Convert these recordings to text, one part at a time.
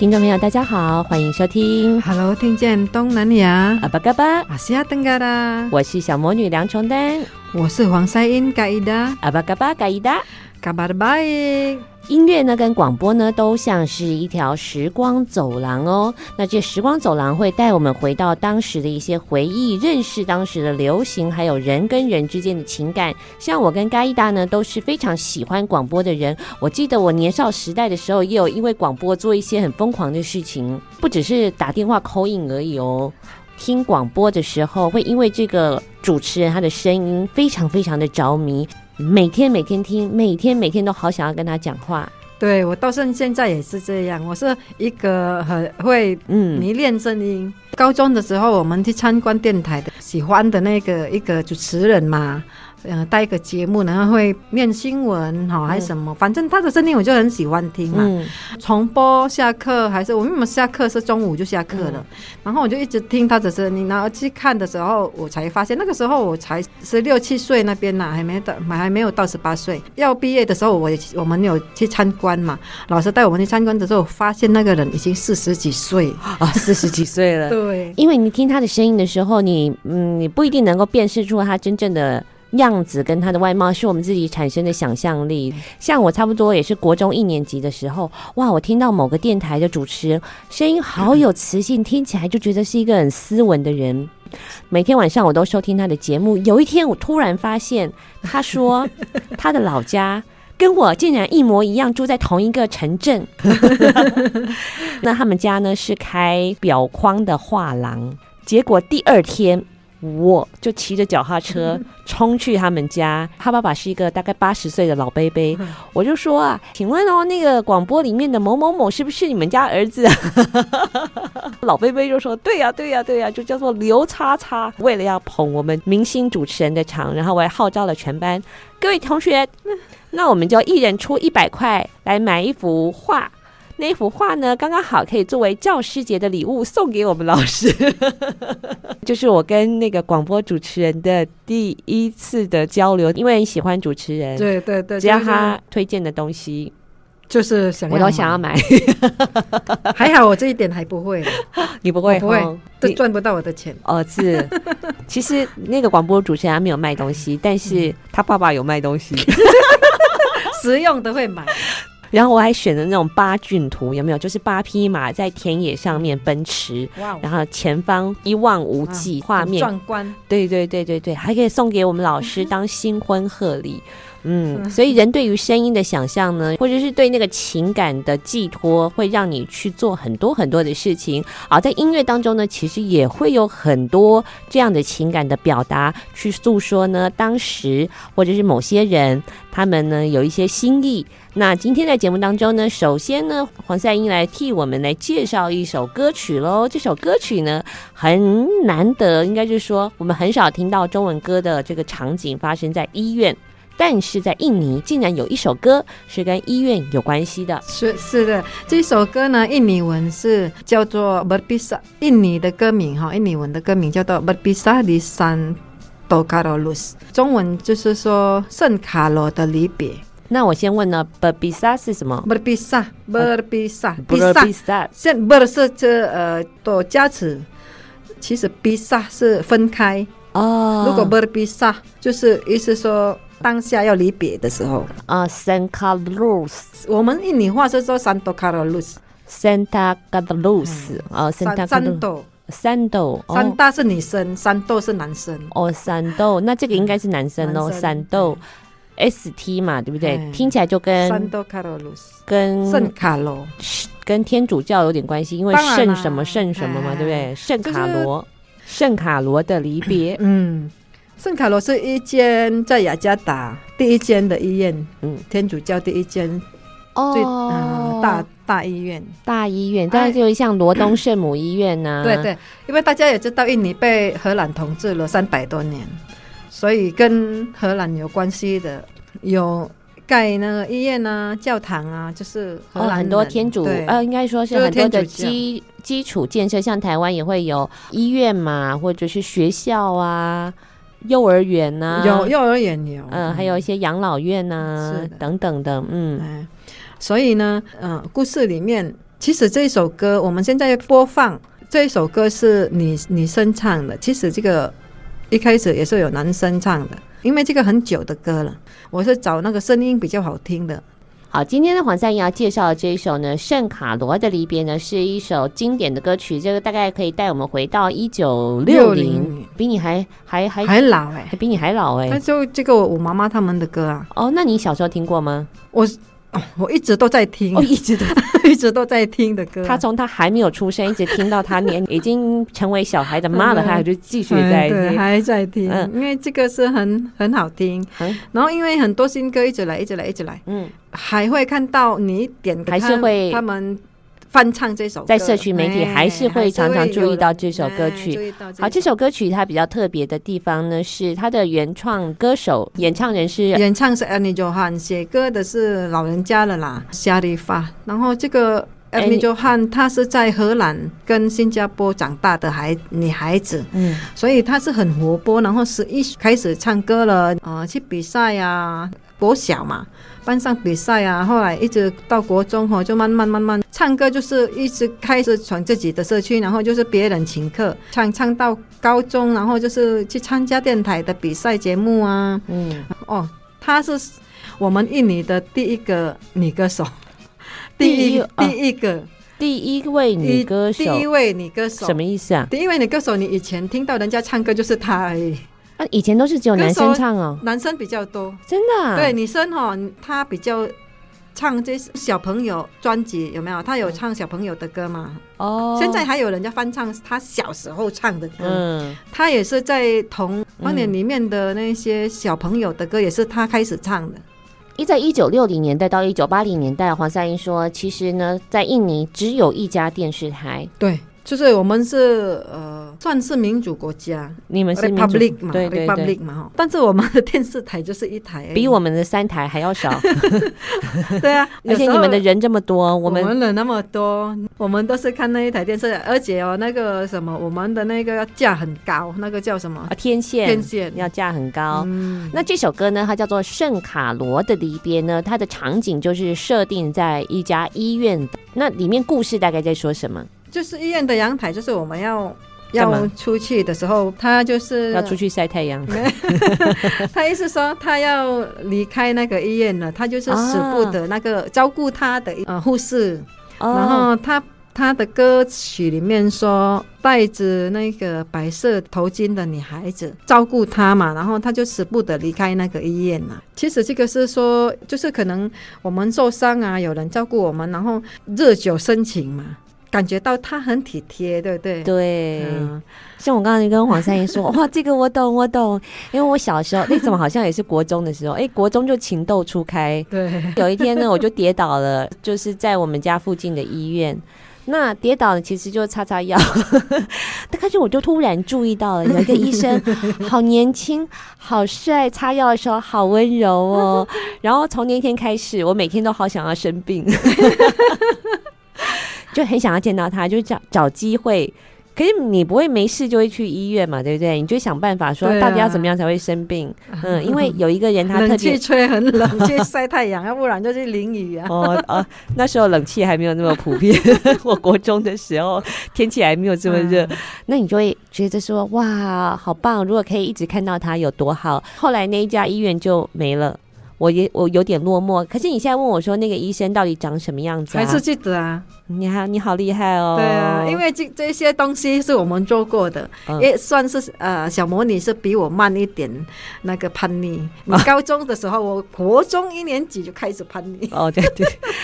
聽眾朋友，大家好，歡迎收聽。Hello，聽見東南亞。阿巴嘎巴，阿西亞登嘎達，我是小魔女梁崇丹，我是黃賽音嘎伊達，阿巴嘎巴嘎伊達。卡巴的吧耶！音樂呢，跟廣播呢，都像是一條時光走廊哦。那這時光走廊會帶我們回到當時的一些回憶，認識當時的流行，還有人跟人之間的情感。像我跟 Gaida 呢，都是非常喜歡廣播的人。我記得我年少時代的時候，也有因為廣播做一些很瘋狂的事情，不只是打電話 call in 而已哦。聽廣播的時候，會因為這個主持人他的聲音，非常非常的着迷。每天每天聽，每天每天都好想要跟他講話。對，我到現現在也是這樣。我是一個很會嗯迷戀聲音。嗯，高中的時候，我們去參觀電台的，喜歡的那個一個主持人嘛。嗯、呃，帶一個節目，然後會念新聞，哈，哦，還是什麼？嗯、反正他的聲音我就很喜歡聽嘛。嗯、重播下課還是我們怎麼下課？是中午就下課了，嗯、然後我就一直聽他的聲音。然後去看的時候，我才發現，那個時候我才十六七歲，那邊呢、啊、還沒到，還還沒有到十八歲。要畢業的時候我也，我我們有去參觀嘛？老師帶我們去參觀的時候，發現那個人已經四十幾歲啊，哦， 四十幾歲了。對，因為你聽他的聲音的時候，你嗯，你不一定能夠辨識出他真正的。樣子跟他的外貌，是我們自己產生的想象力。像我差不多也是國中一年級的時候，哇！我聽到某個電台的主持人聲音好有磁性，聽起來就覺得是一個很斯文的人。每天晚上我都收聽他的節目。有一天我突然發現，他說他的老家跟我竟然一模一樣，住在同一個城鎮。 那他們家呢，是開裱框的畫廊。結果第二天。我就騎着腳踏車衝去他們家， 他爸爸是一個大概八十歲的老伯伯。我就說啊，請問哦，那個廣播裡面的某某某是不是你們家兒子？ 老伯伯就說：“對呀、啊，對呀、啊，對呀、啊，就叫做劉叉叉。”為了要捧我們明星主持人的場，然後我還號召了全班各位同學，那我們就一人出一百塊來買一幅畫。那一幅畫呢，剛剛好可以作為教師節的禮物送給我們老師。 就是我跟那個廣播主持人的第一次的交流，因為喜歡主持人，對對對，只要他推薦的東西，就是想我都想要買。 還好我這一點還不會， 你不會，不會，都 你賺不到我的錢。 哦，是，其實那個廣播主持人、他、沒有賣東西， 但是他爸爸有賣東西， 實用的會買。然後我還選了那種八駿圖，有沒有？就是八匹馬在田野上面奔馳，wow, 然後前方一望無際，畫面、啊、壯觀。對對對對對，還可以送給我們老師當新婚賀禮。 嗯，所以人對於聲音的想象呢，或者是對那個情感的寄托，會讓你去做很多很多的事情而、啊、在音樂當中呢，其實也會有很多這樣的情感的表達，去訴說呢當時或者是某些人他們呢有一些心意。那今天在節目當中呢，首先呢，黃賽音來替我們來介紹一首歌曲嘍。這首歌曲呢，很難得，應該就是說我們很少聽到中文歌的這個場景發生在醫院。但是在印尼竟然有一首歌是跟醫院有關係的，是，是的，這首歌呢，印尼文是叫做 berpisah 印尼的歌名哈、哦，印尼文的歌名叫做 “berpisah di Santo Carolus”，、ok、中文就是說“聖卡羅的離別”。那我先問呢，“berpisah” 是什麼 berpisah、啊、pisah berpisah 先 ”“ber” 是這呃多加詞，其實 “pisah” 是分開哦。Oh. 如果 “berpisah”，就是意思說。當下要離別的時候啊，Santo Carlos 我們印尼話是說 Santo Carlos，Santa Carlos 山大，山斗，山斗，山大是女生，山斗是男生哦，山斗，那這個應該是男生哦，山斗，S T 嘛，對不對？聽起來就跟 Santo Carlos，跟聖卡羅，跟天主教有點關係，因為聖什麼聖什麼嘛，對不對？聖卡羅，聖卡羅的離別，嗯。聖卡羅是一間在雅加達第一間的醫院，嗯、天主教第一間最、哦呃、大大醫院大醫院，當然就是像羅東聖母醫院吶、啊哎嗯，對對，因為大家也知道印尼被荷蘭統治了三百多年，所以跟荷蘭有關係的有蓋那個醫院啊、教堂啊，就是荷蘭、哦、很多天主，對呃，應該說是很多的基基礎建設，像台灣也會有醫院嘛，或者是學校啊。幼兒園吶、啊，有幼兒園有，嗯、呃，還有一些養老院吶、啊，是的等等的，嗯。所以呢，嗯、呃，故事裡面，其實這首歌，我們現在播放這一首歌是女女生唱的。其實這個一開始也是有男生唱的，因為這個很久的歌了，我是找那個聲音比較好聽的。好，今天的黃賽音要介紹的這一首呢，《聖卡羅的離別》呢，是一首經典的歌曲。這個大概可以帶我們回到一九六零，比你還還還還老哎、欸，還比你還老哎、欸。那就這個我媽媽他們的歌啊。哦，那你小時候聽過嗎？我。哦、我一直都在聽，我、哦、一直都在 一直都在聽的歌。他從他還沒有出生， 一直聽到他年 已經成為小孩的媽了他，嗯、他還就繼續在、嗯、還在聽，嗯、因為這個是很很好聽。嗯、然後因為很多新歌一直來，一直來，一直來，嗯，還會看到你點看還是會他們。翻唱這首歌在社區媒體，還是會常常注意到這首歌曲。好，這首歌曲它比較特別的地方呢，是它的原創歌手演唱人，是演唱是 Ani Johan。寫歌的是老人家了啦，Sharifah。然後這個 Ani Johan 她是在荷蘭跟新加坡長大的孩女孩子，嗯，所以她是很活潑，然後是一開始唱歌了啊、呃，去比賽啊，國小嘛。班上比賽啊，後來一直到國中、哦，後就慢慢慢慢唱歌，就是一直開始從自己的社區，然後就是別人請客唱唱到高中，然後就是去參加電台的比賽節目啊。嗯，哦，她是我們印尼的第一個女歌手，第一第一,、啊、第一個第一位女歌手，第一,第一位女歌手什麼意思啊？第一位女歌手，你以前聽到人家唱歌就是她而已。以前都是只有男生唱哦，男生比較多，真的，啊。對，女生哈、哦，她比較唱這些小朋友專輯有沒有？她有唱小朋友的歌嘛？哦、嗯，現在還有人家翻唱她小時候唱的歌。嗯，她也是在同《童年》裡面的那些小朋友的歌，也是她開始唱的。一在一九六零年代到一九八零年代，黃賽音說，其實呢，在印尼只有一家電視台。對。就是我們是呃，算是民主國家，你們是 Republic 嘛，Republic 嘛，對對對，但是我們的電視台就是一台，比我們的三台還要少。 對啊，而且你們的人這麼多， 我，們我們人那麼多，我們都是看那一台電視。而且哦，那個什麼，我們的那個要價很高，那個叫什麼？天線，天線要價很高。嗯，那這首歌呢，它叫做《聖卡羅的離別》呢，它的場景就是設定在一家醫院。那裡面故事大概在說什麼？就是醫院的陽台，就是我們要要出去的時候，嘛他就是要出去曬太陽。 他意思說他要離開那個醫院了，他就是捨不得那個照顧他的、oh. 呃護士。然後他、oh. 他的歌曲裡面說，戴着那個白色頭巾的女孩子照顧他嘛，然後他就捨不得離開那個醫院了。其實這個是說，就是可能我們受傷啊，有人照顧我們，然後日久生情嘛。感覺到他很體貼，對不對？對，嗯、像我剛才跟黃賽音說，哇、 哦，這個我懂，我懂，因為我小時候， 那怎麼好像也是國中的時候？哎，國中就情竇初開。對， 有一天呢，我就跌倒了，就是在我們家附近的醫院。 那跌倒了其實就擦擦藥， 但開始我就突然注意到了，有一個醫生好年輕、好帥，擦藥的時候好溫柔哦。 然後從那一天開始，我每天都好想要生病。 就很想要見到他，就找找機會。可是你不會沒事就會去醫院嘛，對不對？你就想辦法說，到底要怎麼樣才會生病？啊、嗯，因為有一個人他特別冷氣吹很冷，去 曬太陽，要不然就是淋雨啊。哦哦、啊，那時候冷氣還沒有那麼普遍， 我國中的時候天氣還沒有這麼熱，嗯、那你就會覺得說哇，好棒！如果可以一直看到他有多好。後來那一家醫院就沒了。我也我有點落寞，可是你現在問我說那個醫生到底長什麼樣子、啊？還是記得啊？你好，你好厲害哦！對啊，因為這這些東西是我們做過的，嗯、也算是呃，小魔女是比我慢一點。那個叛逆，嗯、你高中的時候，啊、我國中一年級就開始叛逆。哦，對對，對。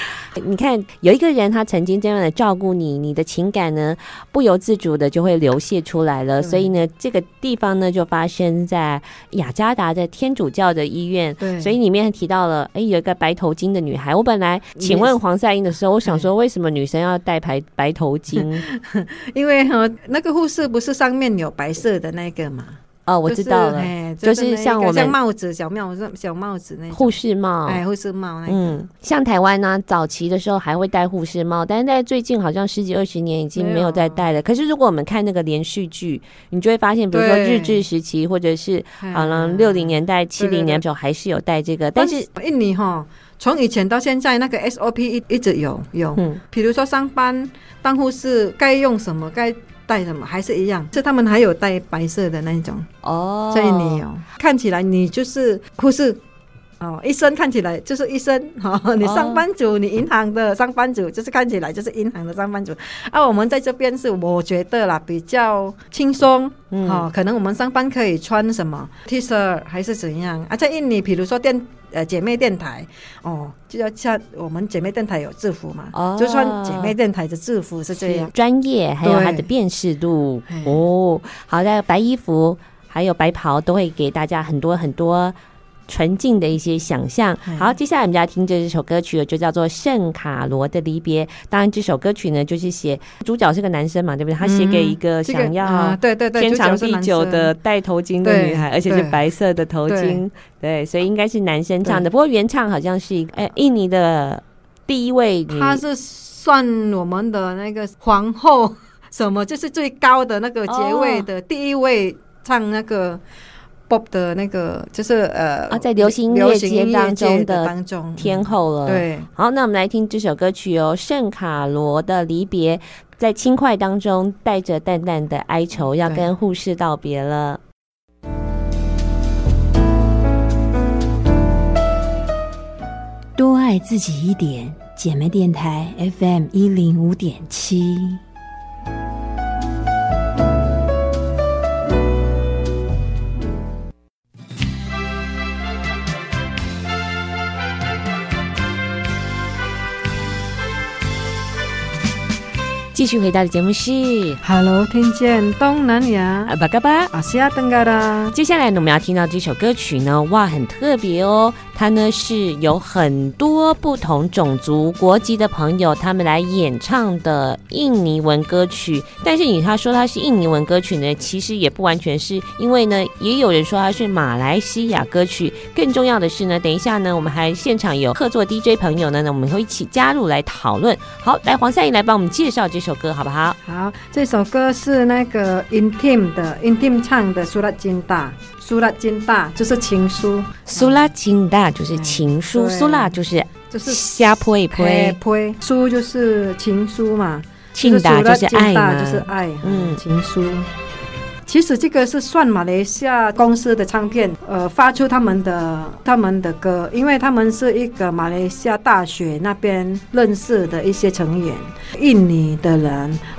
你看，有一個人他曾經這樣的照顧你，你的情感呢，不由自主的就會流泄出來了。嗯、所以呢，這個地方呢就發生在雅加達的天主教的醫院。對所以裡面提到了，哎、欸，有一個白頭巾的女孩。我本來請問黃賽音的時候，yes, 我想說為什麼女生要戴白白頭巾？對 因為那個護士不是上面有白色的那個嘛。哦，我知道了，就是像我們像帽子，小帽子，小帽子那護士帽，哎，護士帽那個，嗯，像台灣呢，早期的時候還會戴護士帽，但是在最近好像十幾二十年已經沒有再戴了。可是如果我們看那個連續劇，你就會發現，比如說日治時期或者是好像六零年代、七零年，就還是有戴這個。但是印尼哈，從以前到現在，那個 SOP 一一直有有，嗯，比如說上班當護士該用什麼該。戴什麼還是一樣？是他們還有戴白色的那一種哦，oh. 所以你有看起來你就是護士哦，一身看起來就是醫生，哦，你上班族，oh. 你銀行的上班族，就是看起來就是銀行的上班族。啊，我們在這邊是我覺得啦，比較輕鬆哦。嗯，可能我們上班可以穿什麼 T 恤還是怎樣？啊，在印尼，比如說電呃，姐妹電台哦，就要像我們姐妹電台有制服嘛，哦，就穿姐妹電台的制服是這樣，專業還有它的辨識度對哦。 好的，白衣服還有白袍都會給大家很多很多純淨的一些想象。好，接下來我們就要聽這首歌曲了，就叫做《聖卡羅的離別》。當然，這首歌曲呢，就是寫主角是個男生嘛，對不對？他寫給一個想要天長地久的戴頭巾的女孩，而且是白色的頭巾。對，對，對，所以應該是男生唱的。不過原唱好像是一個哎、欸，印尼的第一位，他是算我們的那個皇後，什麼就是最高的那個爵位的第一位唱那個、哦。Bob 的那個就是呃啊，在流行音樂界當中的當中天后了。嗯、對，好，那我們來聽這首歌曲哦，《聖卡羅的離別》，在輕快當中帶着淡淡的哀愁，要跟護士道別了。對多愛自己一點，姐妹電臺 FM 一零五點七。繼續回到的節目是 Hello，聽見東南亞啊，巴嘎巴，阿西亞登嘎啦。接下來呢，我們要聽到這首歌曲呢，哇，很特別哦。它呢是有很多不同種族國籍的朋友，他們來演唱的印尼文歌曲。但是你他說它是印尼文歌曲呢，其實也不完全是，因為呢，也有人說它是馬來西亞歌曲。更重要的是呢，等一下呢，我們還現場有客座 DJ 朋友呢，那我們會一起加入來討論。好，來黃賽音來幫我們介紹這首歌好不好？好，這首歌是那個 Inteam 的 Inteam 唱的 Surat Cinta。蘇拉金達就是情書，蘇拉金達就是情書。對蘇拉就是就是瞎潑一潑，潑書就是情書嘛，金達就，就是愛嘛，就是愛，嗯，情書。嗯，其實這個是算馬來西亞公司的唱片，呃，發出他們的他們的歌，因為他們是一個馬來西亞大學那邊認識的一些成員，印尼的人，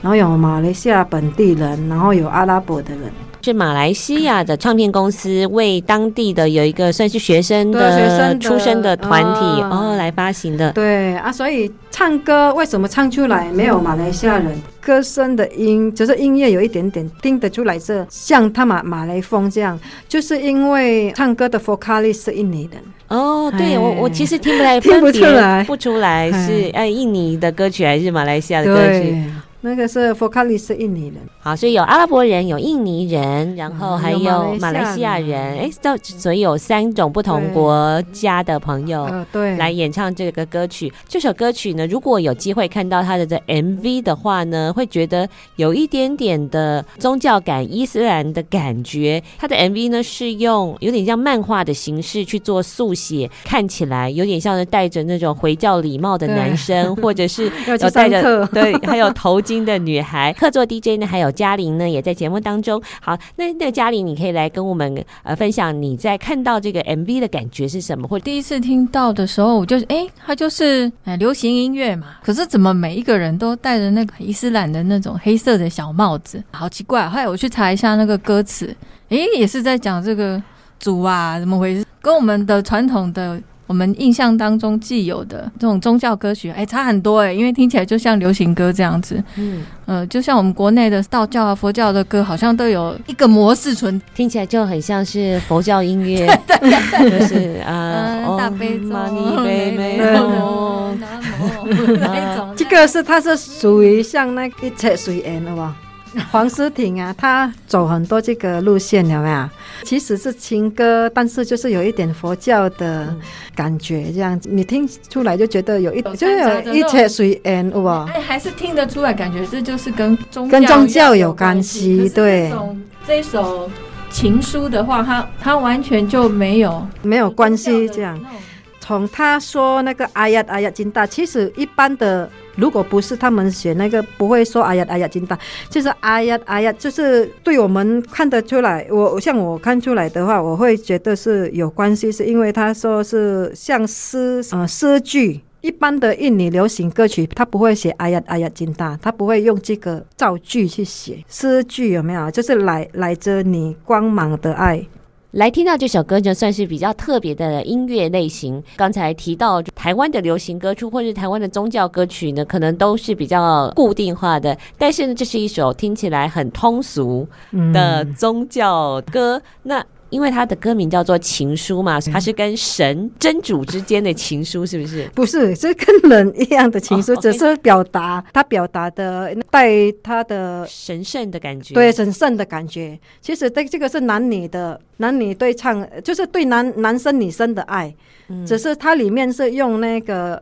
然後有馬來西亞本地人，然後有阿拉伯的人。是馬來西亞的唱片公司為當地的有一個算是學生的出身的團體後、哦哦、來發行的。對啊，所以唱歌為什麼唱出來沒有馬來西亞人、嗯、歌聲的音，就是音樂有一點點聽得出來，這像他馬馬來風這樣，就是因為唱歌的 vocalist 是印尼的。哦，對、哎、我我其實聽不來，聽不出來，不出來是哎印尼的歌曲還是馬來西亞的歌曲？那個是佛卡里斯印尼人，好，所以有阿拉伯人，有印尼人，然後還有馬來西亞人，哎、嗯，到，所以有三種不同國家的朋友，對，來演唱這個歌曲。對這首歌曲呢，如果有機會看到他的 MV 的話呢，會覺得有一點點的宗教感，伊斯蘭的感覺。他的 MV 呢是用有點像漫畫的形式去做速寫，看起來有點像是戴著那種回教禮帽的男生，對或者是戴著對，還有頭。金的女孩，客座 DJ 呢，還有嘉玲呢，也在節目當中。好，那那嘉玲，你可以來跟我們呃分享你在看到這個 MV 的感覺是什麼？或第一次聽到的時候，我就誒，哎、欸，它就是誒流行音樂嘛。可是怎麼每一個人都戴着那個伊斯蘭的那種黑色的小帽子，好奇怪。後來我去查一下那個歌詞，誒、欸，也是在講這個主啊，怎麼回事？跟我們的傳統的。我們印象當中既有的這種宗教歌曲，哎、欸，差很多哎、欸，因為聽起來就像流行歌這樣子。嗯，呃，就像我們國內的道教啊、佛教的歌，好像都有一個模式存，聽起來就很像是佛教音樂， 對對對對，就是啊，大悲咒，你沒這這個是它是屬於像那一切隨緣的吧？黃詩婷啊，她走很多這個路線，有沒有？其實是情歌，但是就是有一點佛教的感覺，這樣子你聽出來就覺得有一，就有一切隨緣，是不？有有還是聽得出來，感覺這就是跟宗跟宗教有關係。對，這一首情書的話，他他完全就沒有沒有關係，這樣。種從他說那個阿呀阿呀金達，其實一般的。如果不是他們寫那個不會說哎呀哎呀金蛋，就是哎呀哎呀，就是對，我們看得出來。我像我看出來的話，我會覺得是有關係，是因為他說是像詩，嗯、呃，詩句一般的印尼流行歌曲，他不會寫哎呀哎呀金蛋，他不會用這個造句去寫詩句，有沒有？就是來來着你光芒的愛。來聽到這首歌，就算是比較特別的音樂類型。剛才提到台灣的流行歌曲，或是台灣的宗教歌曲呢，可能都是比較固定化的。但是呢，這是一首聽起來很通俗的宗教歌。嗯、那。因為他的歌名叫做《情書》嘛，嗯、他是跟神真主之間的情書，是不是？不是，是跟人一樣的情書，Oh, okay. 只是表達他表達的帶他的神聖的感覺，對神聖的感覺。其實這這個是男女的男女對唱，就是對男男生女生的愛，嗯、只是它裡面是用那個。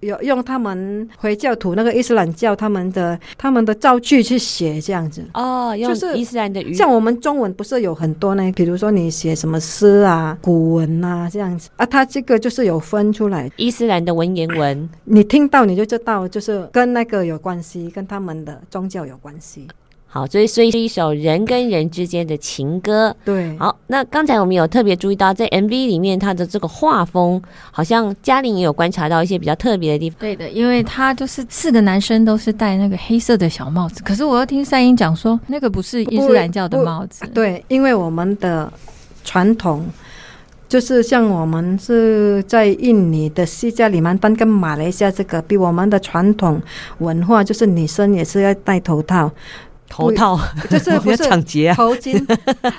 有用他們回教徒那個伊斯蘭教他們的他們的造句去寫這樣子哦，就是伊斯蘭的語，像我們中文不是有很多呢？比如說你寫什麼詩啊、古文吶，啊，這樣子啊，他這個就是有分出來伊斯蘭的文言文，你聽到你就知道，就是跟那個有關係，跟他們的宗教有關係。好，所以所以是一首人跟人之間的情歌。對，好，那剛才我們有特別注意到，在 MV 裡面，他的這個畫風好像嘉玲也有觀察到一些比較特別的地方。對的，因為他就是四個男生都是戴那個黑色的小帽子，可是我要聽賽音講說，那個不是伊斯蘭教的帽子。對，因為我們的傳統就是像我們是在印尼的西加里曼丹跟馬來西亞，這個比我們的傳統文化，就是女生也是要戴頭套。頭套就是不是搶劫頭巾，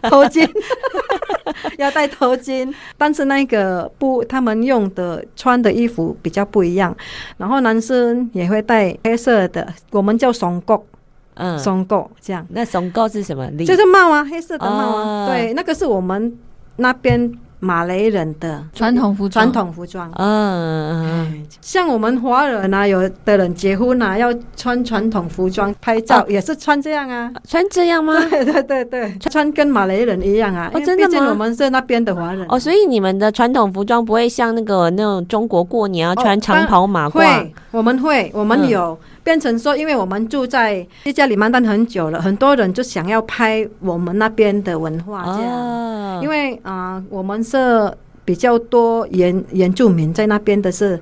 頭巾，要戴頭巾。但是那個不，他們用的穿的衣服比較不一樣。然後男生也會戴黑色的，我們叫松“雙狗”，嗯，“雙狗”這樣。那“雙狗”是什麼？就是帽啊，裡黑色的帽啊。哦、對，那個是我們那邊。馬來人的傳統服裝，傳統服裝，嗯，像我們華人呐、啊，有的人結婚呐、啊，要穿傳統服裝拍照，啊、也是穿這樣啊，啊穿這樣嗎？對對對對，穿跟馬來人一樣啊，哦、因為畢竟、真的我們是那邊的華人、啊。哦，哦，所以你們的傳統服裝不會像那個那種中國過年要穿長袍馬褂，哦、會我們會，我們有。嗯變成說，因為我們住在西加里曼丹很久了，很多人就想要拍我們那邊的文化這樣。哦、因為啊、呃，我們是比較多原原住民在那邊的是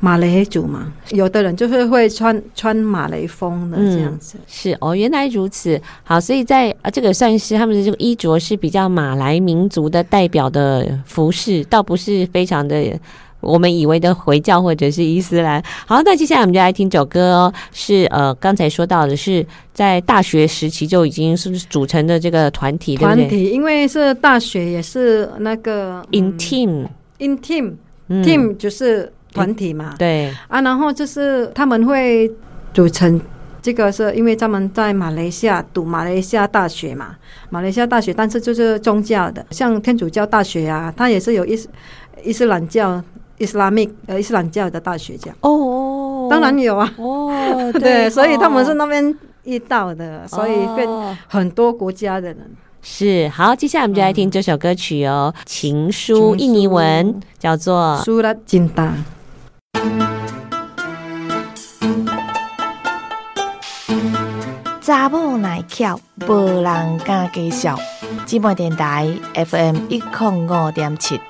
馬來族嘛，有的人就是會穿穿馬來風的這樣子、嗯。是哦，原來如此。好，所以在啊，這個算是他們的這個衣着是比較馬來民族的代表的服飾，倒不是非常的。我們以為的回教或者是伊斯蘭。好，那接下來，我們就來聽首歌哦。是呃，剛才說到的是在大學時期就已經是組成的這個團體，團體，因為是大學也是那個 in team、嗯、in team team 就是團體嘛。嗯、對啊，然後就是他們會組成這個，是因為他們在馬來西亞讀馬來西亞大學嘛。馬來西亞大學，但是就是宗教的，像天主教大學啊，它也是有伊斯、伊斯蘭教。Islamic 呃，伊斯蘭教的大學家哦，oh, oh, oh, oh, oh. 當然有啊，oh, 對，oh. 所以他們是那邊遇到的，所以很多國家的人，oh. 是好。接下來我們就來聽這首歌曲哦，嗯、情書印尼文，書印尼文叫做《蘇拉金達》。查某耐巧，無人敢介紹。寂寞電台 FM 一零五點七。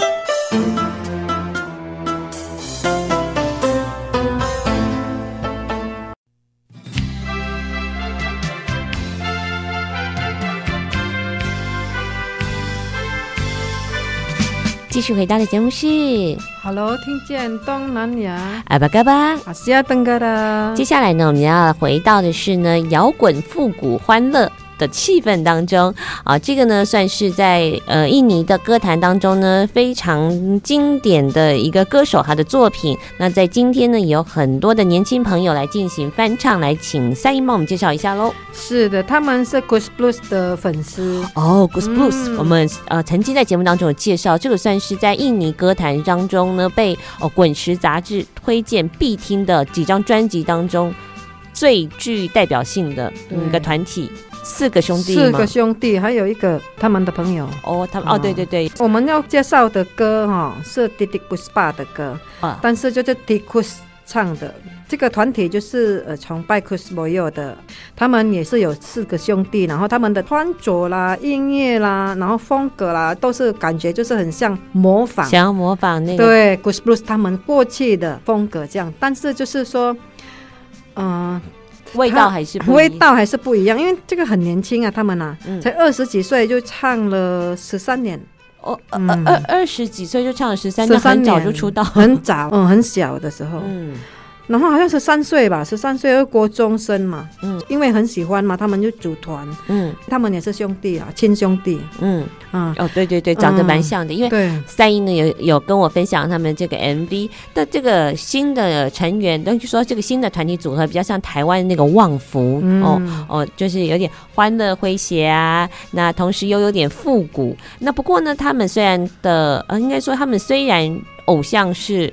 繼續回到的節目是，Hello，聽見東南亞，阿巴嘎巴，阿西亞登嘎啦。接下來呢，我們要回到的是呢，搖滾復古歡樂的氣氛當中啊，這個呢算是在呃印尼的歌壇當中呢，非常經典的一個歌手，他的作品。那在今天呢，有很多的年輕朋友來進行翻唱，來請賽音幫我們介紹一下嘍。是的，他們是 Gus Blues 的粉絲哦。Gus oh, Blues，嗯，我們呃曾經在節目當中有介紹，這個算是在印尼歌壇當中呢被哦滾石雜誌推薦必聽的幾張專輯當中最具代表性的一個團體。四個兄弟，四個兄弟，還有一個他們的朋友哦，oh, 他們哦，呃 oh, 對對對，我們要介紹的歌哈、哦、是迪迪古斯 y 的歌啊，oh. 但是就是迪 i 斯唱的這個團體就是呃崇拜 c 斯 r i s 的，他們也是有四個兄弟，然後他們的穿着啦、音樂啦、然後風格啦都是感覺就是很像模仿，想要模仿那個對，Chris 他們過去的風格這樣，但是就是說嗯。呃味道還是不一樣，味道還是不一樣，因為這個很年輕啊，他們啊，嗯、才二十幾歲就唱了十三年，二二二十幾歲就唱了十三年，很早就出道，很早， 嗯，很小的時候，嗯。然後好像是十三歲吧，十三歲是國中生嘛。嗯，因為很喜歡嘛，他們就組團。嗯，他們也是兄弟啊，親兄弟。嗯，嗯，嗯哦，對對對，長得蠻像的。嗯、因為賽音呢，有有跟我分享他們這個 MV 的對這個新的成員，等於說這個新的團體組合比較像台灣那個旺福、嗯、哦哦，就是有點歡樂詼諧啊，那同時又有點復古。那不過呢，他們雖然的呃，應該說他們雖然偶像是。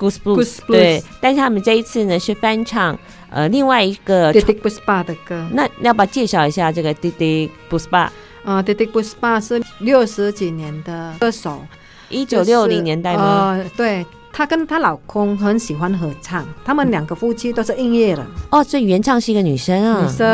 Blues, Goose Blues，對，Goose. 但是他們這一次呢是翻唱，呃，另外一個 Didi Puspa 的歌。那要不要介紹一下這個 Didi Puspa？啊 Didi Puspa 是六十幾年的歌手，一九六零年代的。就是 uh, 對，她跟她老公很喜歡合唱，嗯、他們兩個夫妻都是音樂人哦，所以原唱是一個女生啊，女生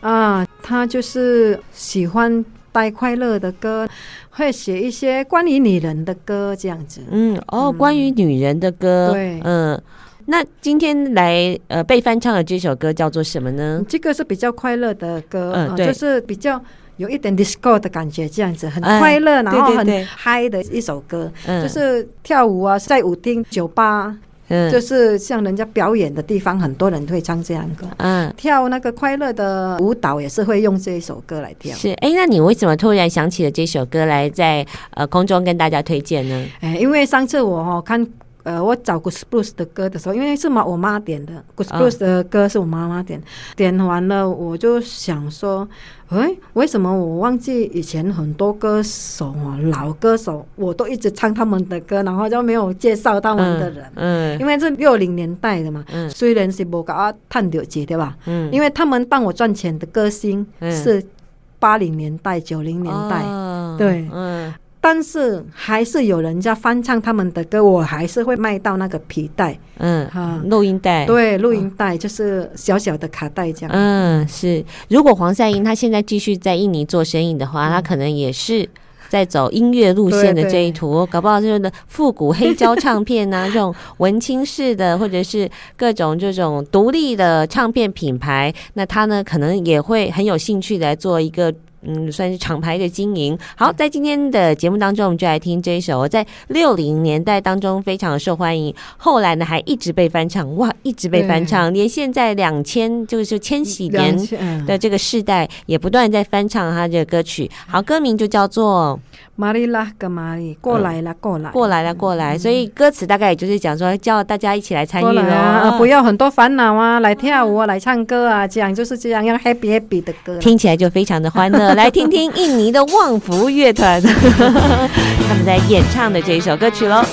啊，她、嗯呃、就是喜歡。帶快樂的歌，會寫一些關於女人的歌這樣子。嗯，哦，關於女人的歌。嗯、對，嗯，那今天來呃被翻唱的這首歌叫做什麼呢？這個是比較快樂的歌，嗯，嗯，就是比較有一點 disco 的感覺這樣子，很快樂，哎、然後很嗨的一首歌，對對對，就是跳舞啊，在舞廳、酒吧。嗯、就是像人家表演的地方，很多人會唱這樣歌。嗯，跳那個快樂的舞蹈也是會用這一首歌來跳。是，哎、欸，那你為什麼突然想起了這首歌來在呃空中跟大家推薦呢？哎、欸，因為上次我看。呃，我找《Koes Plus》的歌的時候，因為是媽我媽點的，《Koes Plus》的歌是我媽媽點。點完了，我就想說，哎，為什麼我忘記以前很多歌手啊，老歌手，我都一直唱他們的歌，然後就沒有介紹他們的人。嗯。嗯，因為是六零年代的嘛，嗯、雖然是不搞探流節，對吧？嗯。因為他們幫我賺錢的歌星是八零年代、九零、嗯、年代，oh, 對。嗯。但是還是有人家翻唱他們的歌，我還是會賣到那個皮帶，嗯，哈、啊，錄音帶，對，錄音帶就是小小的卡帶這樣。嗯，是。如果黃賽音她現在繼續在印尼做生意的話，她、嗯、可能也是在走音樂路線的這一途， 對對，搞不好就是復古黑膠唱片啊， 這種文青式的，或者是各種這種獨立的唱片品牌，那她呢可能也會很有興趣來做一個。嗯，算是廠牌的經營。好，在今天的節目當中，我們就來聽這一首在六零年代當中非常的受歡迎，後來呢還一直被翻唱。哇，一直被翻唱，嗯，連現在兩千就是千禧年的這個世代，嗯，也不斷在翻唱他這個歌曲。好，歌名就叫做。瑪麗拉跟瑪麗過來了，過來，過來了，過來。嗯、所以歌詞大概也就是講說，叫大家一起來參與來啊，啊不要很多煩惱啊，來跳舞啊，來唱歌啊，這樣就是這樣樣 happy happy 的歌，聽起來就非常的歡樂。 來聽聽印尼的旺福樂團 他們在演唱的這一首歌曲嘍。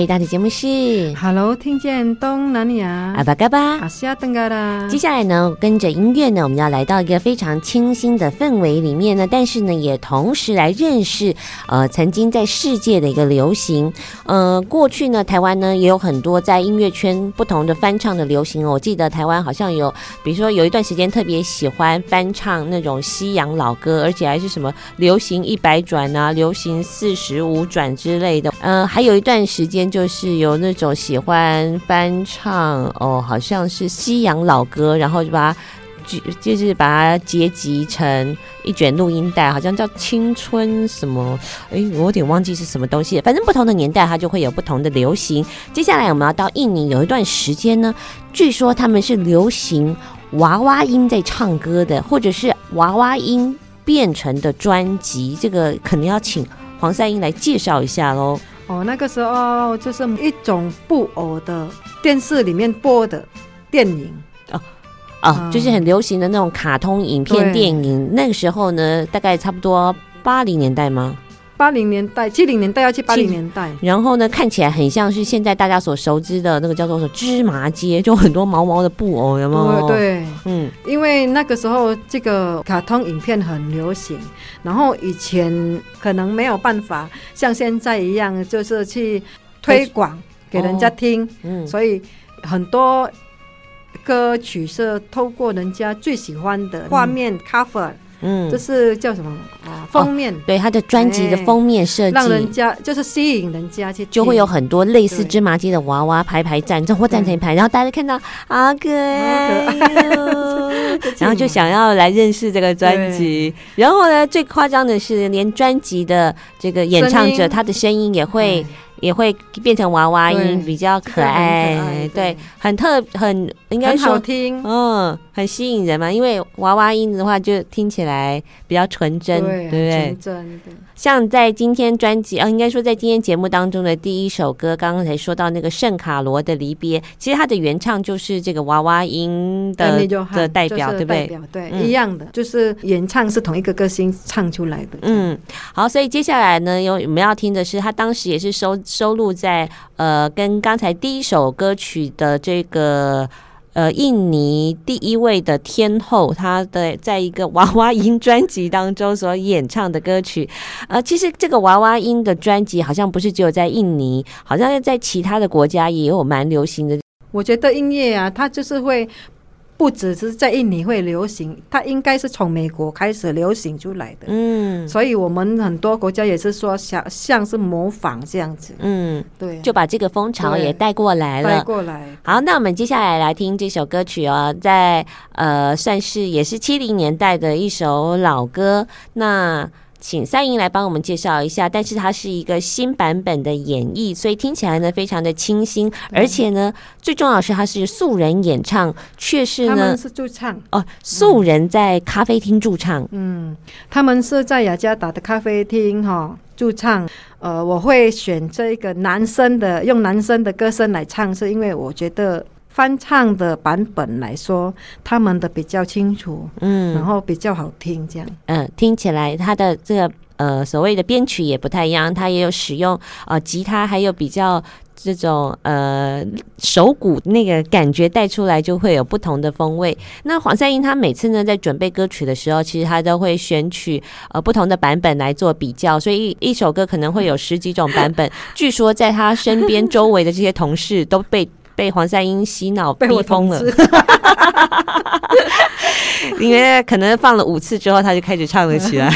今天的節目是 Hello，聽見東南亞阿巴嘎巴，阿夏登嘎啦。接下來呢，跟着音樂呢，我們要來到一個非常清新的氛圍裡面呢，但是呢，也同時來認識呃曾經在世界的一個流行。呃，過去呢，台灣呢也有很多在音樂圈不同的翻唱的流行哦。我記得台灣好像有，比如說有一段時間特別喜歡翻唱那種西洋老歌，而且還是什麼流行一百轉啊，流行四十五轉之類的。嗯、呃，還有一段時間就是有那種喜歡翻唱哦，好像是西洋老歌，然後就把它就就是把它結集成一卷錄音帶，好像叫青春什麼，哎，我有點忘記是什麼東西。反正不同的年代它就會有不同的流行。接下來我們要到印尼，有一段時間呢，據說他們是流行娃娃音在唱歌的，或者是娃娃音變成的專輯，這個可能要請。黃賽音來介紹一下嘍。哦，那個時候就是一種布偶的電視裡面播的電影，哦哦、啊，啊嗯、就是很流行的那種卡通影片電影。對那個時候呢，大概差不多八零年代嗎？八零年代，七零年代要去八零年代，然後呢，看起來很像是現在大家所熟知的那個叫做什麼芝麻街，就很多毛毛的布偶，哦，有沒有？對，對，嗯，因為那個時候這個卡通影片很流行，然後以前可能沒有辦法像現在一樣，就是去推廣給人家聽，哦嗯、所以很多歌曲是透過人家最喜歡的畫面，嗯、cover。嗯，這是叫什麼啊？封面，對他的專輯的封面設計，讓人家就是吸引人家去，就會有很多類似芝麻街的娃娃排排站，站或站成一排，然後大家看到好可愛，然後就想要來認識這個專輯。然後呢，最誇張的是，連專輯的這個演唱者，他的聲音也會也會變成娃娃音，比較可愛，對，很特很應該說很好聽，嗯。很吸引人嘛，因為娃娃音的話就聽起來比較純真，對，對不對？純真對，像在今天專輯啊，呃，應該說在今天節目當中的第一首歌，剛剛才說到那個《聖卡羅的離別》，其實他的原唱就是這個娃娃音的對的代表，代表，對不對？對，一樣的，嗯，就是原唱是同一個歌星唱出來的。對，嗯，好，所以接下來呢，有我們要聽的是他當時也是收收錄在呃，跟剛才第一首歌曲的這個。呃，印尼第一位的天後，她的在一個娃娃音專輯當中所演唱的歌曲。呃，其實這個娃娃音的專輯好像不是只有在印尼，好像在其他的國家也有蠻流行的。我覺得音樂啊，它就是會。不只是在印尼會流行，它應該是從美國開始流行出來的。嗯，所以，我們很多國家也是說，像像是模仿這樣子。嗯，對，就把這個風潮也帶過來了。帶過來。好，那我們接下來來聽這首歌曲哦，在呃，算是也是七零年代的一首老歌。那。請賽音來幫我們介紹一下，但是它是一個新版本的演繹，所以聽起來呢非常的清新，而且呢最重要是它是素人演唱，嗯、卻是呢他們是駐唱哦，呃嗯、素人在咖啡廳駐唱。嗯，他們是在雅加達的咖啡廳哈、哦、駐唱。呃，我會選這一個男生的，用男生的歌聲來唱，是因為我覺得。翻唱的版本來說，他們的比較清楚，嗯，然後比較好聽，這樣嗯。嗯，聽起來他的這個呃所謂的編曲也不太一樣，他也有使用呃吉他，還有比較這種呃手鼓那個感覺帶出來，就會有不同的風味。那黃賽音他每次呢在準備歌曲的時候，其實他都會選取呃不同的版本來做比較，所以一,一首歌可能會有十幾種版本。 據說在他身邊周圍的這些同事都被。 被黃賽音洗腦被逼瘋了，因為可能放了五次之後，他就開始唱了起來。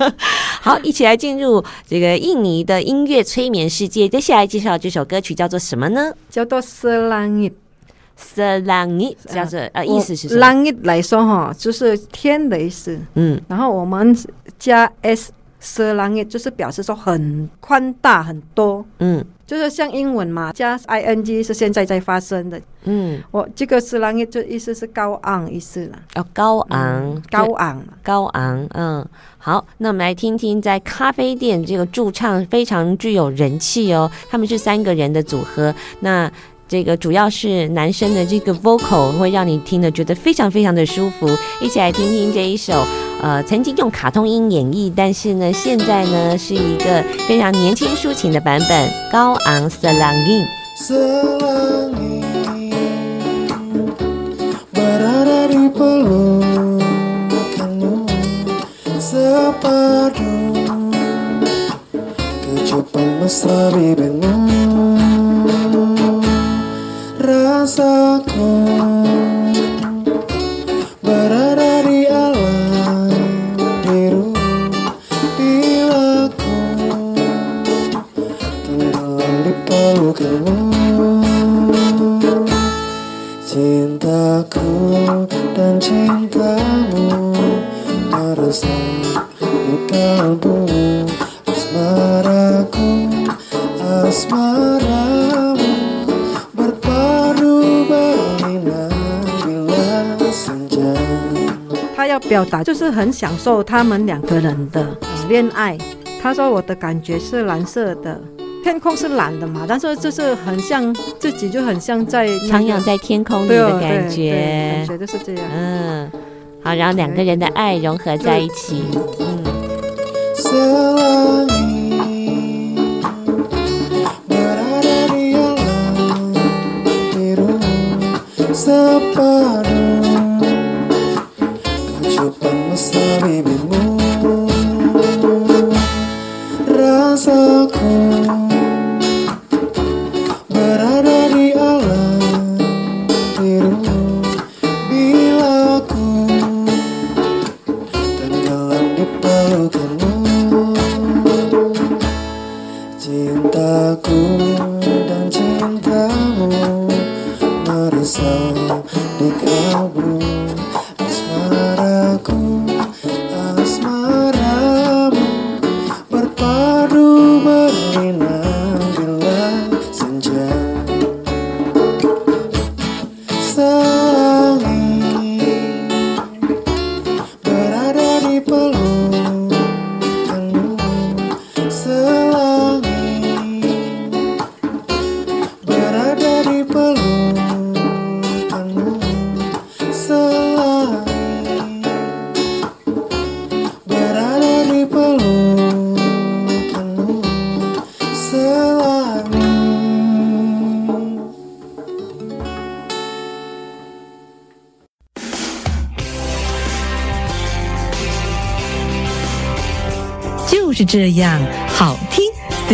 好，一起來進入這個印尼的音樂催眠世界。接下來介紹這首歌曲叫做什麼呢？叫做 “Selangit”，“Selangit” 表示啊，呃、意思是 “langit”、嗯、來說哈、哦，就是天的意思。嗯，然後我們加 s。色狼意就是表示說很寬大很多，嗯，就是像英文嘛，加 i n g 是現在在發生的，嗯，我這個色狼意就意思是高昂意思啦，哦，高昂，嗯、高昂，高昂，嗯，好，那我們來聽聽在咖啡店這個駐唱非常具有人氣哦，他們是三個人的組合，那。這個主要是男生的這個 vocal 會讓你聽得覺得非常非常的舒服，一起來聽聽這一首，呃，曾經用卡通音演繹，但是呢，現在呢是一個非常年輕抒情的版本，高昂 Selangin 就是很享受他們兩個人的戀愛。他說我的感覺是藍色的，天空是藍的嘛，但是就是很像自己，就很像在那個，徜徉在天空裡的感覺，對對對，感覺就是這樣。嗯，好，然後兩個人的愛融合在一起。嗯。嗯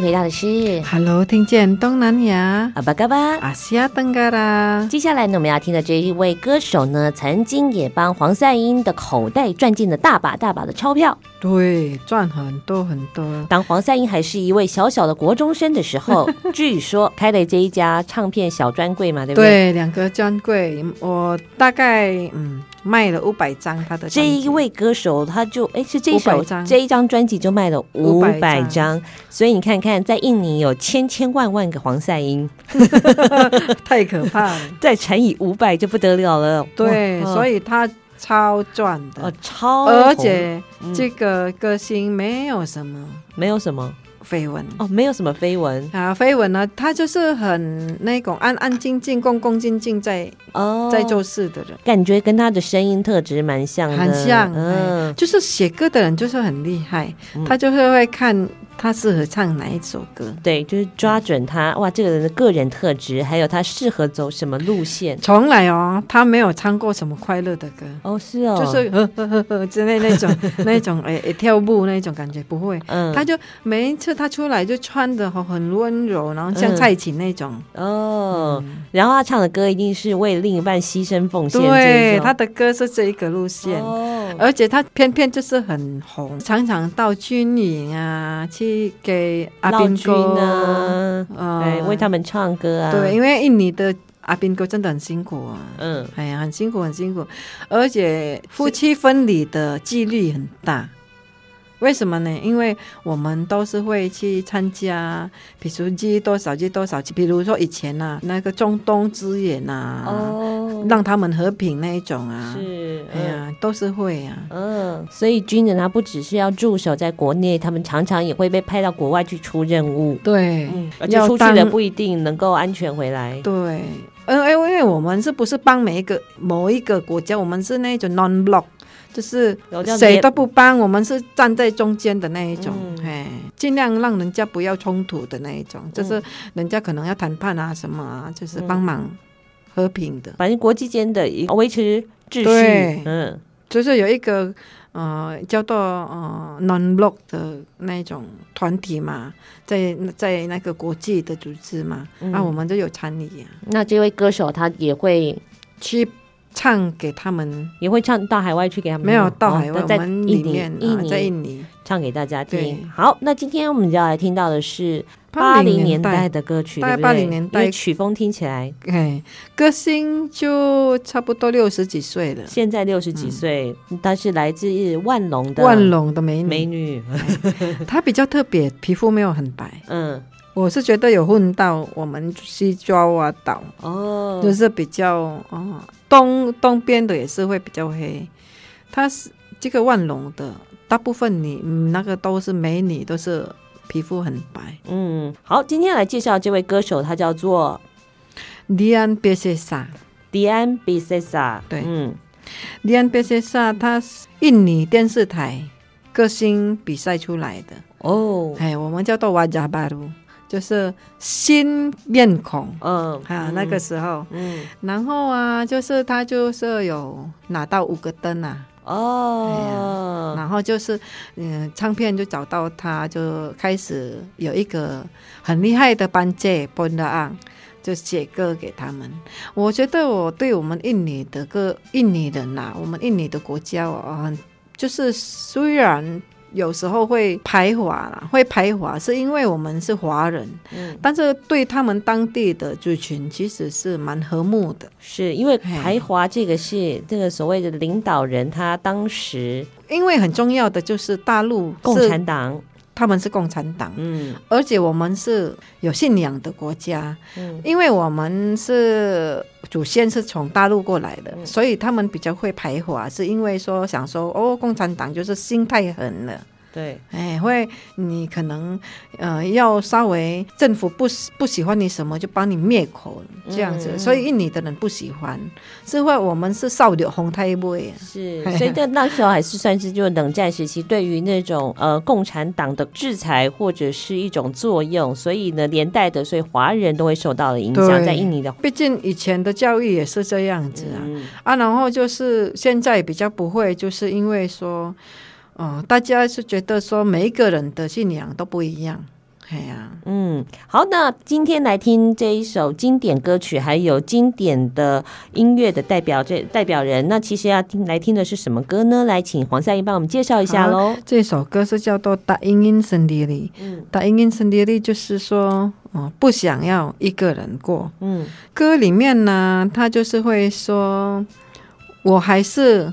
回答的是 “Hello，聽見東南亞阿巴嘎巴阿西亞登嘎啦。接下來呢，我們要聽的這一位歌手呢，曾經也幫黃賽音的口袋賺進了大把大把的鈔票，對，賺很多很多。當黃賽音還是一位小小的國中生的時候， 據說開了這一家唱片小專櫃嘛，對不對？對，兩個專櫃，我大概嗯。賣了五百張，他的專輯，這一位歌手，他就哎、欸，是這一首張這一張專輯就賣了五百張，所以你看看，在印尼有千千萬萬個黃賽音，太可怕了！ 再乘以五百就不得了了。對，哇所以他超賺的，啊、超而且這個歌星沒有什麼，嗯、沒有什麼。緋聞哦，沒有什麼緋聞啊、呃，緋聞呢、啊，他就是很那種安安靜靜、恭恭敬敬在哦在做事的人，感覺跟他的聲音特質蠻像的，很像，嗯、哎，就是寫歌的人就是很厲害，他就是會看、嗯。他適合唱哪一首歌？對，就是抓準他哇，這個人的個人特質，還有他適合走什麼路線。從來哦，他沒有唱過什麼快樂的歌哦，是哦，就是呵呵呵呵之類那種 那種誒誒、哎哎，跳步那種感覺不會，嗯，他就每一次他出來就穿得很溫柔，然後像蔡琴那種、嗯、哦，嗯、然後他唱的歌一定是為另一半犧牲奉獻，對，他的歌是這一個路線。哦而且他偏偏就是很紅，常常到軍營啊，去給阿兵哥啊，軍呢呃、為他們唱歌啊。對，因為印尼的阿兵哥真的很辛苦啊。嗯，哎呀，很辛苦，很辛苦。而且夫妻分離的幾率很大，是為什麼呢？因為我們都是會去參加，比如說記多少，幾多少，比如說以前啊，那個中東之眼吶、啊。哦讓他們和平那一種啊，是，哎、呃、呀，都是會啊，嗯、呃，所以軍人啊，不只是要駐守在國內，他們常常也會被派到國外去出任務，對、嗯，而且出去的當不一定能夠安全回來，對，嗯、呃，因、哎、為、哎、我們是不是幫每一個某一個國家？我們是那種 non block，就是誰都不幫，我們是站在中間的那一種，嗯、嘿，盡量讓人家不要衝突的那一種，就是人家可能要談判啊，什麼啊，就是幫忙。嗯和平的，反正國際間的維持秩序，對嗯，就是有一個呃叫做呃 non block 的那種團體嘛，在在那個國際的組織嘛，那、嗯啊、我們都有參與、啊。那這位歌手他也會去。唱給他們，也會唱到海外去給他們。沒有到海外，在印尼，印尼唱給大家聽。好，那今天我們就要來聽到的是八零年代的歌曲，八零年代曲風聽起來，歌星就差不多六十幾歲了，現在六十幾歲。她是來自萬隆的，萬隆的美女。她比較特別，皮膚沒有很白。嗯。我是覺得有混到我們西爪哇、啊、島哦，Oh. 就是比較哦東東邊的也是會比較黑，它是這個萬隆的大部分，你、嗯、那個都是美女，都是皮膚很白。嗯，好，今天來介紹這位歌手，她叫做迪安貝西薩，迪安貝西薩，isa, 對，嗯，迪安貝西薩，她是印尼電視台歌星比賽出來的哦。Oh. 哎，我們叫做瓦加巴魯。就是新面孔，哦啊、嗯，還有那個時候，嗯，然後啊，就是他就是有拿到五個燈啊，哦啊，然後就是嗯，唱片就找到他，就開始有一個很厲害的班姐奔了啊，嗯、就寫歌給他們。我覺得我對我們印尼的歌，印尼人啊，我們印尼的國家啊，就是雖然。有時候會排華啦，會排華，是因為我們是華人，嗯、但是對他們當地的族群其實是蠻和睦的。是因為排華這個是這個所謂的領導人，嗯、他當時因為很重要的就是大陸是共產黨。他們是共產黨，嗯、而且我們是有信仰的國家，嗯、因為我們是祖先是從大陸過來的，嗯、所以他們比較會排華，是因為說想說哦，共產黨就是心太狠了。對，哎，會你可能，呃，要稍微政府不不喜歡你什麼，就幫你滅口這樣子，嗯、所以印尼的人不喜歡，這會我們是少女紅太妹、啊、是，所以在那時候還是算是就冷戰時期，對於那種呃共產黨的制裁或者是一種作用，所以呢連帶的，所以華人都會受到了影響，對在印尼的。畢竟以前的教育也是這樣子啊，嗯、啊，然後就是現在比較不會，就是因為說。哦，大家是覺得說每一個人的信仰都不一樣，哎呀、啊，嗯，好的，那今天來聽這一首經典歌曲，還有經典的音樂的代表這代表人，那其實要聽來聽的是什麼歌呢？來，請黃賽音幫我們介紹一下嘍。這首歌是叫做《打音音森的里》，嗯，《打音音森的里》就是說，哦，不想要一個人過，嗯，歌裡面呢，他就是會說，我還是。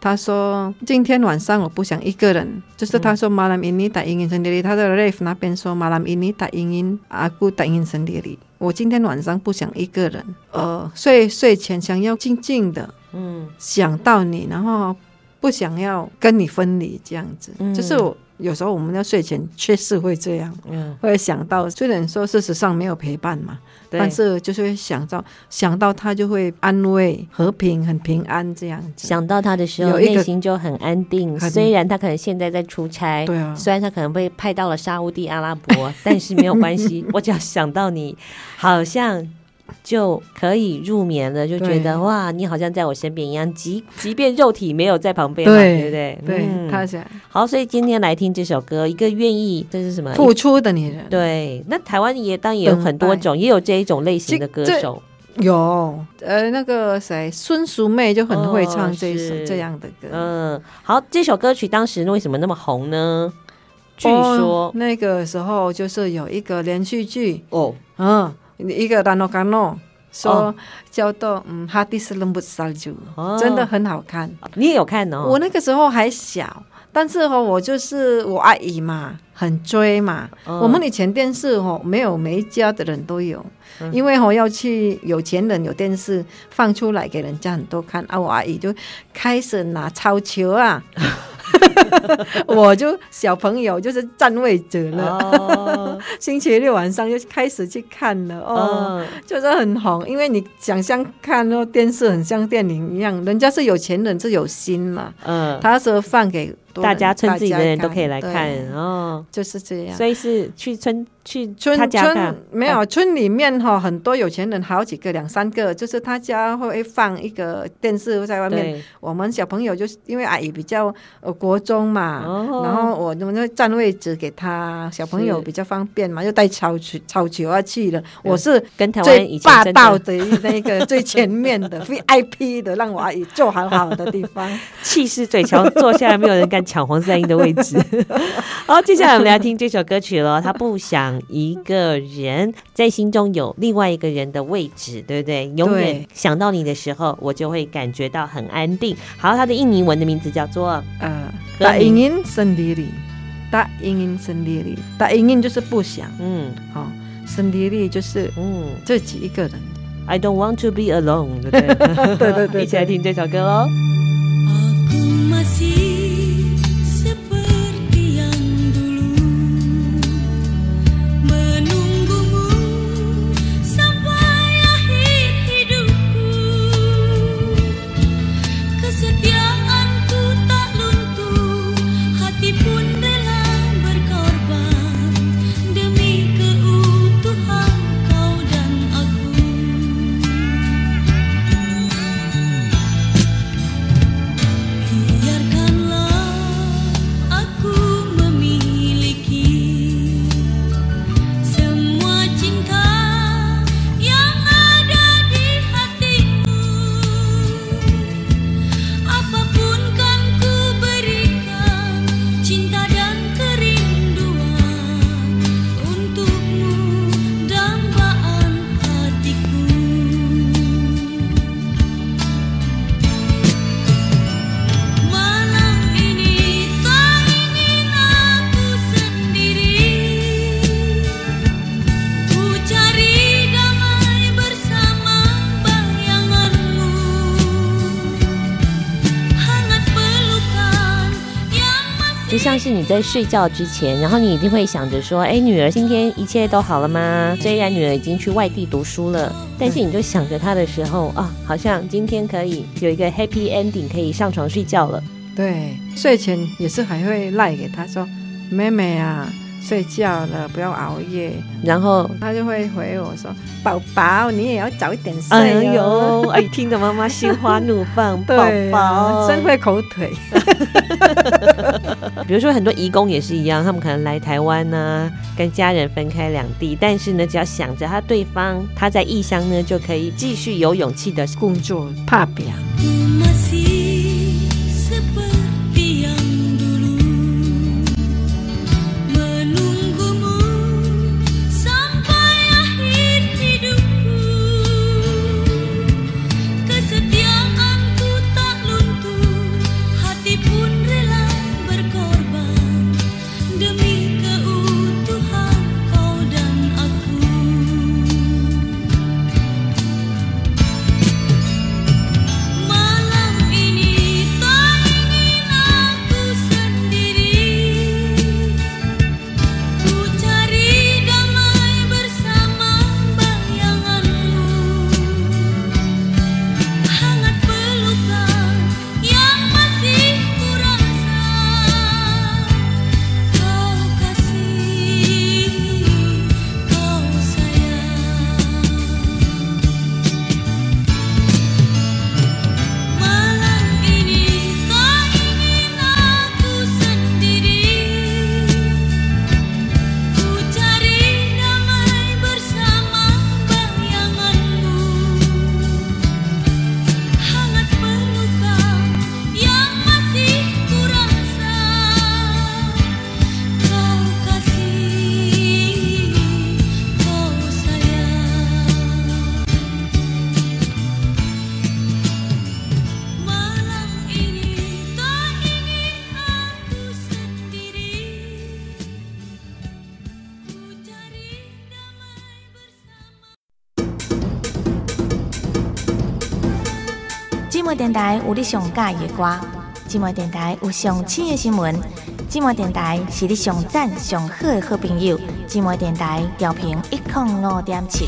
他說：“今天晚上我不想一個人。”就是他說：“馬蘭妮達英英神烈烈。”他在 Rave 那邊說：“馬蘭妮達英英，阿姑達英神烈烈。”我今天晚上不想一個人，呃，睡睡前想要靜靜的，嗯，想到你，嗯、然後不想要跟你分離，這樣子，嗯、就是我。有時候我們要睡前確實會這樣，嗯、會想到，雖然說事實上沒有陪伴嘛，對但是就是會想到，想到他就會安慰、和平、很平安這樣子。想到他的時候，內心就很安定。很雖然他可能現在在出差，啊、雖然他可能被派到了沙烏地阿拉伯，啊、但是沒有關係， 我只要想到你，好像。就可以入眠了，就覺得對哇，你好像在我身邊一樣，即即便肉體沒有在旁邊，對，對不對？對，嗯、想好，所以今天來聽這首歌，一個願意，這是什麼？付出的女人。對，那台灣也當然也有很多種，嗯、也有這一種類型的歌手。嗯、有，呃，那個誰，孫淑媚就很會唱這首這樣的歌、哦。嗯，好，這首歌曲當時為什麼那麼紅呢？據說、哦、那個時候就是有一個連續劇哦，嗯、啊。一個達諾卡諾說：“ oh. 叫做嗯哈迪斯·倫布沙爾朱，真的很好看。Oh. 你也有看哦？我那個時候還小，但是哦，我就是我阿姨嘛，很追嘛。Oh. 我們以前電視哦，沒有，每一家的人都有，oh. 因為我、哦、要去有錢人有電視放出來給人家很多看。啊，我阿姨就開始拿鈔球啊。” 哈哈哈我就小朋友就是占位置了， ，oh. 星期六晚上就開始去看了。哦，就是很紅，因為你想象看那電視很像電影一樣，人家是有錢人是有心嘛，嗯、oh.，他說放給大家村子裡的人都可以來看，哦對，oh. 就是這樣，所以是去村。去村他家他村他家他沒有他村裡面哈、哦、很多有錢人好幾個兩三個，就是他家會放一個電視在外面。對我們小朋友就是因為阿姨比較、呃、國中嘛，哦哦然後我我就占位置給他小朋友比較方便嘛，是又帶超球超球啊去了。對我是跟台灣最霸道的那個最前面的 VIP 的，讓我阿姨坐好好的地方， 氣勢最強，坐下來沒有人敢搶黃賽音的位置。好、 哦，接下來我們來聽這首歌曲了，他不想。想一個人在心中有另外一個人的位置，對不對？永遠想到你的時候，對我就會感覺到很安定。好，他的印尼文的名字叫做呃，tak ingin sendiri，tak ingin sendiri，tak ingin 就是不想，嗯，好，sendiri、哦、就是嗯自己一個人。I don't want to be alone，對不對？ 對對對，對， 一起來聽這首歌嘍。 是你在睡覺之前，然後你一定會想着說：“哎，女兒，今天一切都好了嗎？雖然女兒已經去外地讀書了，但是你就想着她的時候啊對、哦，好像今天可以有一個 happy ending，可以上床睡覺了。”對，睡前也是還會賴給她說：“妹妹啊。”睡覺了，不要熬夜。然後他就會回我說：“寶寶，你也要早一點睡喲。哎呦”哎，聽得，媽媽心花怒放。 對寶寶寶真會口腿。 比如說，很多移工也是一樣，他們可能來台灣呢、啊，跟家人分開兩地，但是呢，只要想着他對方他在異鄉呢，就可以繼續有勇氣的工作。怕表。台有你上佳嘅歌，寂寞電台有上新嘅新聞，寂寞電台是你上讚上好嘅好朋友，寂寞電台調頻一零二點七。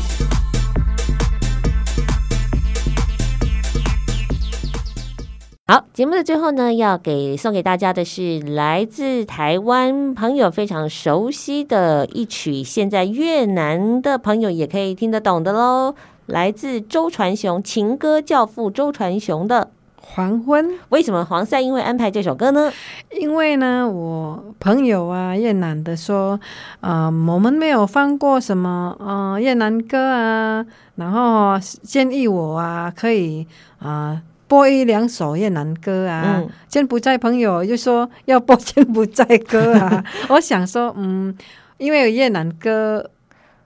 好，節目嘅最後呢，要給送給大家嘅是來自台灣朋友非常熟悉嘅一曲，現在越南嘅朋友也可以聽得懂嘅咯。來自周傳雄，情歌教父周傳雄的《黃昏》，為什麼黃賽音會安排這首歌呢？因為呢，我朋友啊，越南的說，呃，我們沒有放過什麼呃越南歌啊，然後建議我啊，可以啊、呃、播一兩首越南歌啊。柬埔寨、嗯、朋友就說要播柬埔寨歌啊。 我想說，嗯，因為有越南歌。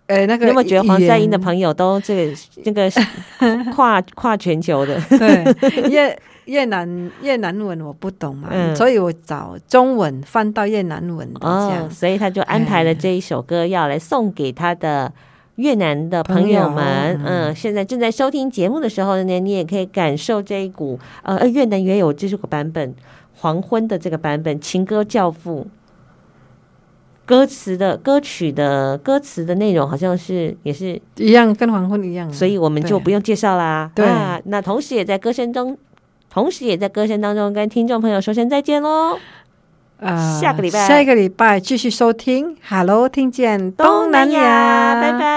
呃，那個有沒覺得黃賽音的朋友都這個言這個跨跨全球的？對，越越南越南文我不懂嘛，嗯、所以我找中文翻到越南文的、哦。所以他就安排了這一首歌要來送給他的越南的朋友們。友啊、嗯，嗯現在正在收聽節目的時候呢，你也可以感受這一股呃越南也有這首歌版本《黃昏》的這個版本《情歌教父》。歌詞的歌曲的歌詞的內容好像是也是一樣，跟黃昏一樣、啊，所以我們就不用介紹啦。對、啊對啊，那同時也在歌聲中，同時也在歌聲當中跟聽眾朋友說聲再見嘍。呃、下個禮拜，下個禮拜繼續收聽《Hello 聽見東南亞》東南亞，拜拜。